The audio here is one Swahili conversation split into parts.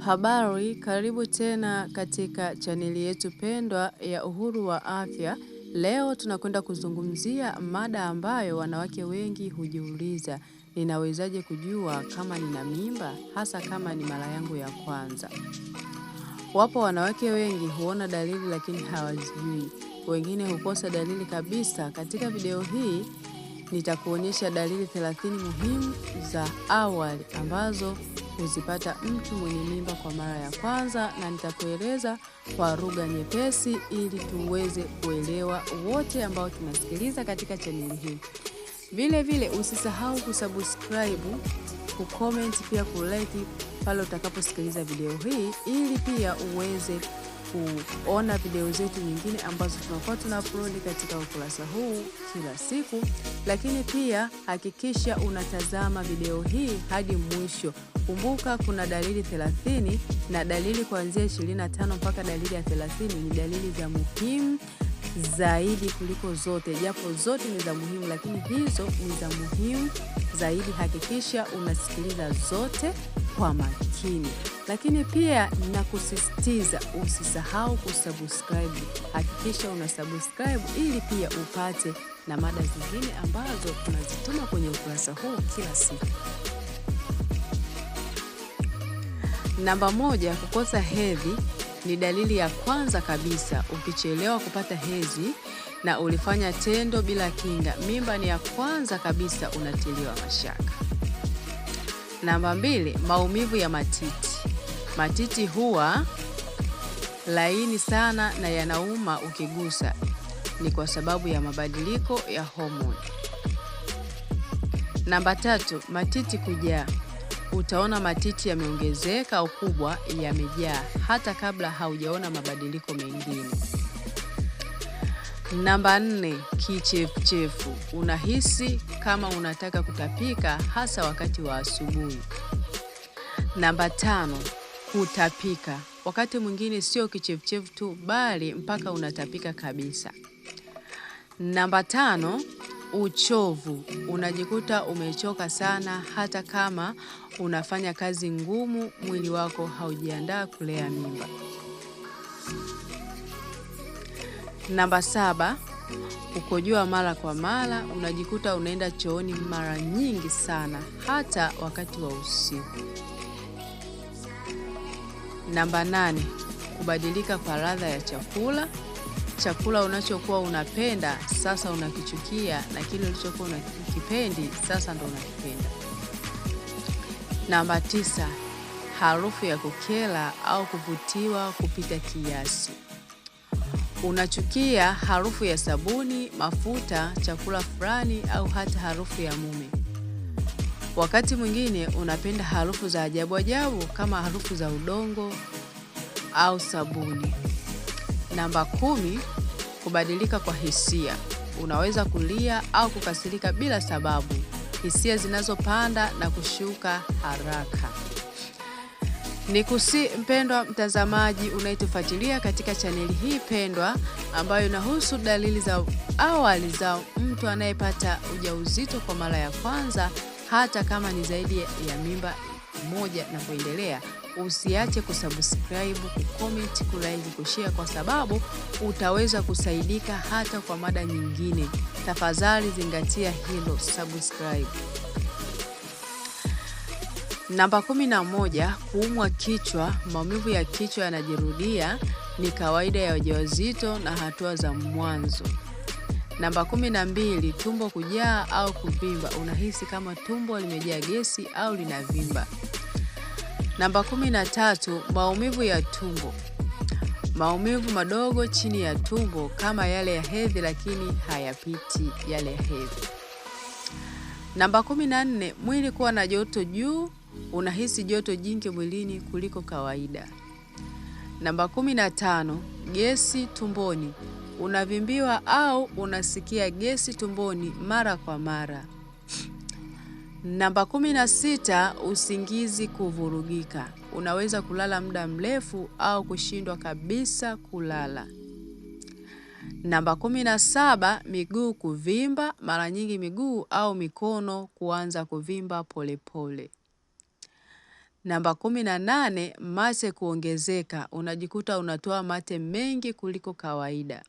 Habari, karibu tena katika chaneli yetu pendwa ya Uhuru wa Afya. Leo tunakwenda kuzungumzia mada ambayo wanawake wengi hujiuliza, ninawezaje kujua kama nina mimba hasa kama ni mara yangu ya kwanza? Wapo wanawake wengi huona dalili lakini hawazijui, wengine hukosa dalili kabisa. Katika video hii nitakuonyesha dalili 30 muhimu za awali ambazo kuzipata mtu mwenye mimba kwa mara ya kwanza, na nitakueleza kwa lugha nyepesi ili tuweze kuelewa wote ambao tunasikiliza katika chaneli hii. Vile vile usisahau kusubscribe, kucomment, pia kulike pale utakaposikiliza video hii ili pia uweze kuona video zetu nyingine ambazo tunakuwa tuna upload katika ukurasa huu kila siku, lakini pia hakikisha unatazama video hii hadi mwisho. Kumbuka kuna dalili 30 na dalili kuanzia 25 mpaka dalili ya 30 ni dalili za muhimu zaidi kuliko zote, japo zote ni za muhimu, lakini hizo ni za muhimu zaidi. Hakikisha unasikiliza zote kwa makini, lakini pia na kusisitiza usisahau kusubscribe. Hakikisha una subscribe ili pia upate na mada zingine ambazo tunazituma kwenye ukurasa huu kila siku. Namba moja, kukosa hedhi ni dalili ya kwanza kabisa. Ukichelewa kupata hezi na ulifanya tendo bila kinga, mimba ni ya kwanza kabisa unatiliwa mashaka. Namba mbili, maumivu ya matiti. Matiti huwa laini sana na yanauma ukigusa, ni kwa sababu ya mabadiliko ya homoni. Namba tatu, matiti kujaa. Utaona matiti yameongezeka ukubwa, yamejaa hata kabla haujaona mabadiliko mengine. Namba nne, kichefuchefu. Unahisi kama unataka kutapika hasa wakati wa asubuhi. Namba tano, kutapika. Wakati mwingine sio kichefuchefu tu, bali mpaka unatapika kabisa. Namba tano, uchovu. Unajikuta umechoka sana, hata kama unafanya kazi ngumu, mwili wako haujiandaa kulea mimba. Namba saba, kukojoa mara kwa mara. Unajikuta unaenda chooni mara nyingi sana, hata wakati wa usiku. Namba nane, kubadilika kwa ladha ya chakula. Chakula unachokuwa unapenda sasa unakichukia, na kile ulichokuwa unakipendi sasa ndo unakipenda. Namba tisa, harufu ya kukela au kuvutiwa kupita kiasi. Unachukia harufu ya sabuni, mafuta, chakula fulani au hata harufu ya mume. Wakati mwingine unapenda harufu za ajabu ajabu kama harufu za udongo au sabuni. Namba kumi, kubadilika kwa hisia. Unaweza kulia au kukasirika bila sababu, hisia zinazopanda na kushuka haraka. Ni kusi mpendwa mtazamaji unayetufuatilia katika chaneli hii pendwa ambayo inahusu dalili za awali za mtu anayepata ujauzito kwa mara ya kwanza, hata kama ni zaidi ya mimba moja na kuendelea. Usiache kusubscribe, kucomment, kulike, kushare kwa sababu utaweza kusaidika hata kwa mada nyingine. Tafadhali zingatia hilo subscribe. Namba moja, kuumwa kichwa. Maumivu ya kichwa yanajirudia, ni kawaida ya ujauzito na hatua za mwanzo. Namba kumi na mbili tumbo kujaa au kuvimba. Unahisi kama tumbo limejaa gesi au linavimba. Namba tatu, maumivu ya tumbo. Maumivu madogo chini ya tumbo kama yale ya hedhi, lakini hayapiti yale ya hedhi. Namba kumi nne, mwili kuwa na joto juu unahisi joto jingi mwilini kuliko kawaida. Namba kumi tano, gesi tumboni. Unavimbiwa au unasikia gesi tumboni mara kwa mara. Namba kumi sita, usingizi kuvurugika. Unaweza kulala muda mrefu au kushindwa kabisa kulala. Namba kumi saba, miguu kuvimba. Mara nyingi miguu au mikono kuanza kuvimba polepole pole. Namba kumi na nane, mate kuongezeka. Unajikuta unatoa mate mengi kuliko kawaida.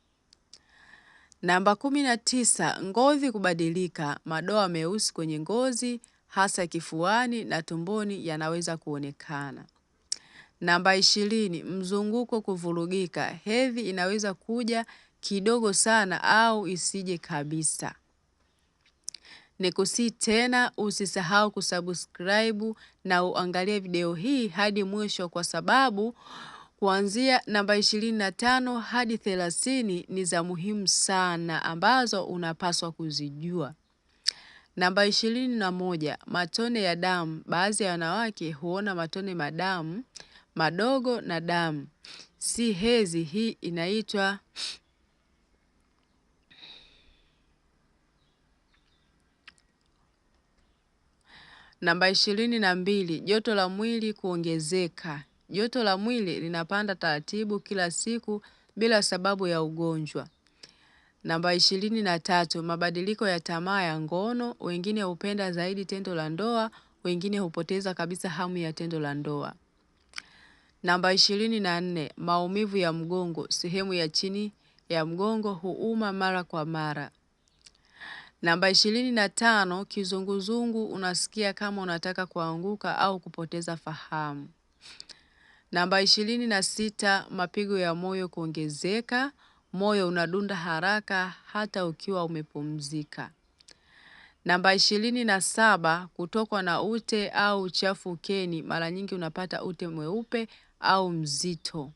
Namba kumi na tisa, ngozi kubadilika. Madoa meusi kwenye ngozi hasa kifuani na tumboni yanaweza kuonekana. Namba ishirini, mzunguko kuvurugika. Hedhi inaweza kuja kidogo sana au isije kabisa. Nikusi tena usisahau kusubscribe na uangalie video hii hadi mwisho kwa sababu kuanzia namba ishirini na tano hadi thelathini ni za muhimu sana ambazo unapaswa kuzijua. Namba ishirini na moja matone ya damu. Baadhi ya wanawake huona matone madamu madogo na damu, si hezi. Hii inaitwa Namba ishirini na mbili, joto la mwili kuongezeka. Joto la mwili linapanda taratibu kila siku bila sababu ya ugonjwa. Namba ishirini na tatu, mabadiliko ya tamaa ya ngono. Wengine hupenda zaidi tendo la ndoa, wengine hupoteza kabisa hamu ya tendo la ndoa. Namba ishirini na nne, maumivu ya mgongo. Sehemu ya chini ya mgongo huuma mara kwa mara. Namba ishirini na tano, kizunguzungu unasikia kama unataka kuanguka au kupoteza fahamu. Namba ishirini na sita, mapigo ya moyo kuongezeka, moyo unadunda haraka hata ukiwa umepumzika. Namba ishirini na saba, kutokwa na ute au uchafu ukeni. Mara nyingi unapata ute mweupe au mzito.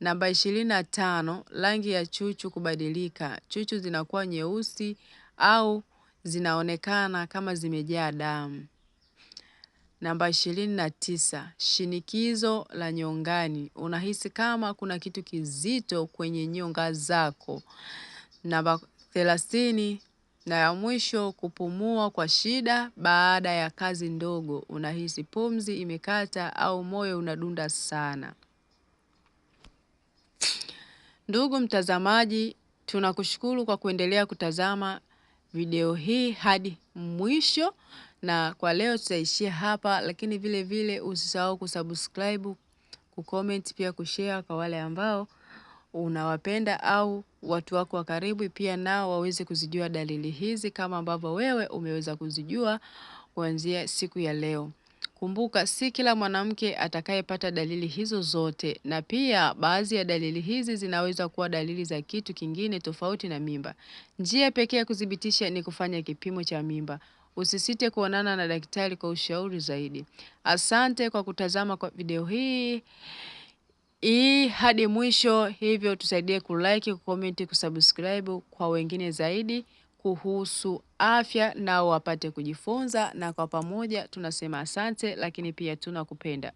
Namba ishirini na tano, rangi ya chuchu kubadilika. Chuchu zinakuwa nyeusi au zinaonekana kama zimejaa damu. Namba ishirini na tisa, shinikizo la nyongani. Unahisi kama kuna kitu kizito kwenye nyonga zako. Namba thelathini na ya mwisho, kupumua kwa shida baada ya kazi ndogo. Unahisi pumzi imekata au moyo unadunda sana. Ndugu mtazamaji, tunakushukuru kwa kuendelea kutazama video hii hadi mwisho, na kwa leo tutaishia hapa, lakini vile vile usisahau kusubscribe, kucomment, pia kushare kwa wale ambao unawapenda au watu wako wa karibu, pia nao waweze kuzijua dalili hizi kama ambavyo wewe umeweza kuzijua kuanzia siku ya leo. Kumbuka, si kila mwanamke atakayepata dalili hizo zote, na pia baadhi ya dalili hizi zinaweza kuwa dalili za kitu kingine tofauti na mimba. Njia pekee ya kuthibitisha ni kufanya kipimo cha mimba. Usisite kuonana na daktari kwa ushauri zaidi. Asante kwa kutazama kwa video hii hii hadi mwisho, hivyo tusaidie kulike, kucomment, kusubscribe kwa wengine zaidi kuhusu afya nao wapate kujifunza, na kwa pamoja tunasema asante, lakini pia tunakupenda.